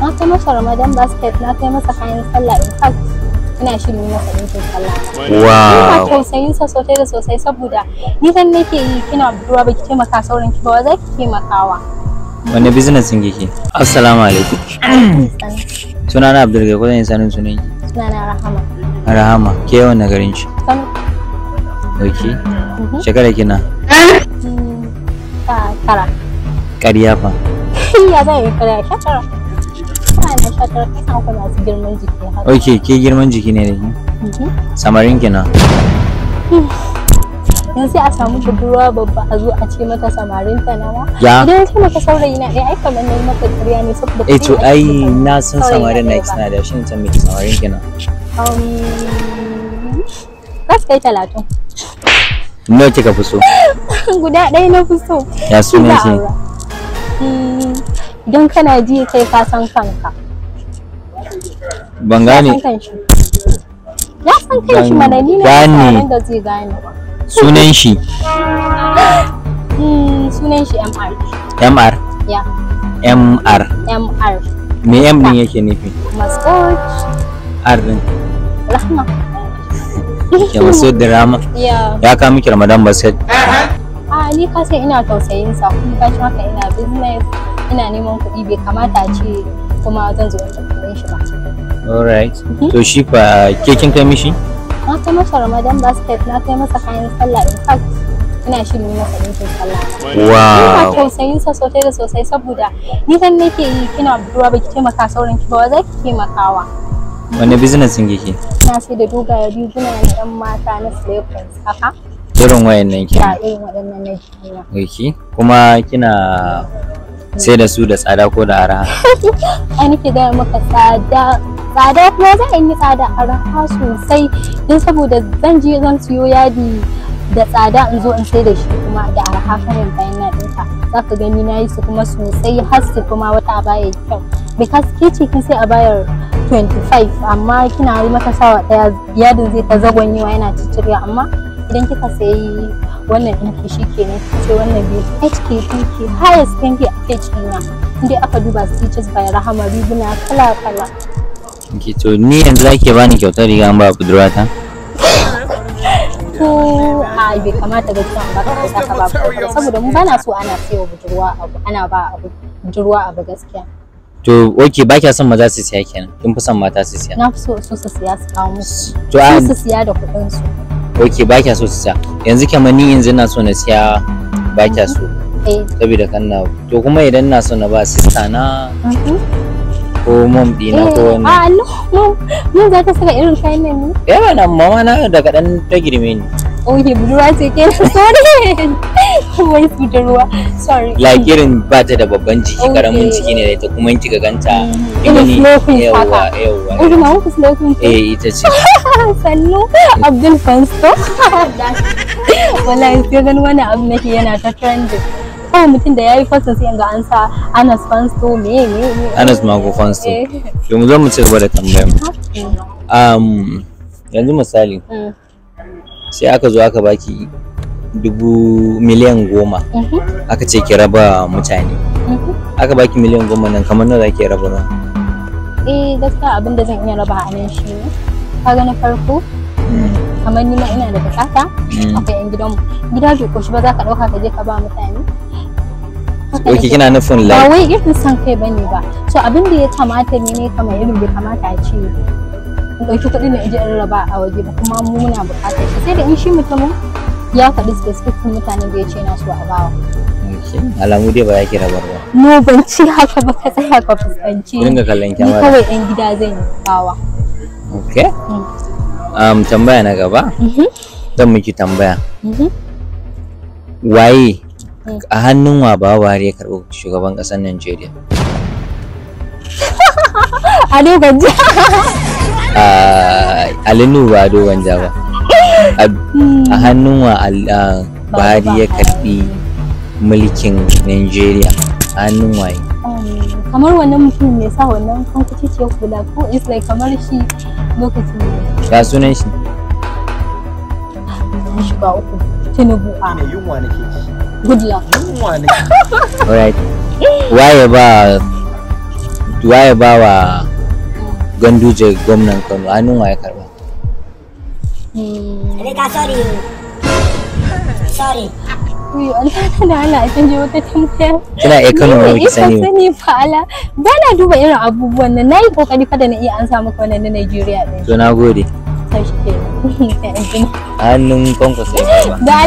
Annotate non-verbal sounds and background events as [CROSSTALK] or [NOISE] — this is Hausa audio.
na kai masa ramadan basket na kai masa kayan sallah in fact ina shirin masa ɗinkin sallah wow ina tausayin sa sosai da sosai saboda ni san nake yi kina budurwa baki taimaka sauran ki ba za ki taimakawa wani business din kike assalamu alaikum suna na abdul gaiko zan sanin sunan ki suna na rahama rahama ke yawan nagarin shi ok mhm. shekara kina mm, tara ƙarya fa [LAUGHS] ya zai yi ƙarya sha ok ke girman jiki ne da mhm. ki yanzu a samu budurwa babba a zo a ce mata samarin ta nawa ya idan maka saurayi na ɗaya eh, ai kamar maka ƙarya ne saboda eh, to ai na san samarin na kina da shin san miki samarin ki na um, kai talatin nawa kika fi so [LAUGHS] guda ɗaya na fi so ya sunan shi hmm, Idan kana ji kai ka san kanka ban gane ya san kan shi mana ni ne gane da zai gane sunan shi [GASPS] hmm, sunan shi mr mr ya mr mr me m din yake nufi mascot r din rahma ya maso rama? ya ka miki ramadan basket a ni ka sai ina tausayin sa kuma ka shi haka ina business ina neman kuɗi bai kamata a ce kuma zan zo wajen kayan shi ba alright mhm. to shi fa ke kin kai mishi na kai masa ramadan basket na kai masa kayan sallah in fact ina shi ne masa ɗinkin sallah wow ina tausayin sa sosai da sosai saboda ni kan nake yi kina budurwa baki taimaka sauran ki ba za ki taimakawa wani business din kike na sai da dogaye riguna na yan mata na slippers haka irin wayannan Ya irin waɗannan na Oke. kuma kina sai da su da tsada ko da araha [LAUGHS] ai nake maka tsada tsada kuma za a yi tsada araha sosai don saboda zan je zan siyo yadi da tsada in zo in sai da shi kuma da araha karin bayan na ɗinka za ka gani na yi su kuma sosai har su kuma wata baya kyau because kici kin sai bayar 25 amma kina yi mata sawa ɗaya yadin zai ta yiwa yana cicirya amma idan kika sayi wannan ɗinki shi ke ne sai wannan biyu hk ɗinki highest ɗinki a page ɗina inda aka duba stitches by rahama riguna kala kala ki to ni yanzu zake bani kyautar riga an ba budurwata ko [LAUGHS] a bai kamata ga kiran ba ka ka ba saboda mu bana so ana sayo budurwa abu ana ba abu budurwa abu gaskiya to ok ba kya son maza su siya kenan kin fi son mata su siya na fi so su siya su kawo musu to su siya da kuɗin su ok ba kya so su sa yanzu kamar ni yanzu na so na siya ba kya so eh. saboda kan na to kuma idan na so na ba sista na mm-hmm. ko mom dina ko eh, wani a ah, no mom mom za ta saka irin kayan nan ne yawa na mama na daga dan ta girme ni oke budurwa ce ke sorry wai budurwa sorry like irin ba ta da babban jiki karamin ciki ne da ita kuma kika ganta mm. irin sloping haka yawa irin ma ku sloping eh ita ce [LAUGHS] sannu abdul fansto [LAUGHS] wallahi sai gani wani abu nake yana ta trending kawai mutum da ya yi fasa sai ga an sa anas fansto me me anas mago fansto yanzu eh. mu ci gaba da um, yanzu misali mm. sai aka zo aka baki dubu miliyan goma mhm. aka ce ki raba mutane mhm. aka baki miliyan goma nan kamar nawa zaki raba nan eh gaskiya abin da zan iya raba a nan shi ne kaga na farko kamar ni ma ina da bukata mm. akwai yan gidanmu gida bai koshi ba za ka dauka ka je ka ba mutane Oke kina nufin like. Ba wai irin san kai bane ba. So abin da ya kamata ne ne kamar irin bai kamata a ce ɗauki kuɗin na ijiyar raba a waje ba kuma mu muna buƙatar shi sai da in shi mutumin ya faɗi specific mutane da ya ce na su a bawa. alamu dai ba ya rabar ba. mu ban ci haka ba ka tsaya ka fuskanci ni kawai ɗan gida zan yi bawa. ok um, tambaya na gaba mhm. zan miki tambaya mhm. waye mm. a hannun wa ba ware ya karɓi shugaban ƙasar nigeria a lokacin alinu ba dogon ja ba a hannun wa buhari ya karbi mulkin nigeria a hannun waye kamar wannan mutum mai sa wannan ce kula ko is like kamar shi lokacin ya sunan shi ah, uku tinubu ah. a yunwa nake ci good luck yunwa nake [LAUGHS] alright waye ba waye ba wa ganduje gwamnan kano hannun waye karba Hmm. [LAUGHS] [LAUGHS] ka sorry sorry Kina iya kano ki sani ba duba irin abubuwan nan nayi kokari fa da na iya an samu wannan na Najeriya din. To nagode. Tashi Hannun kwankwasa ba.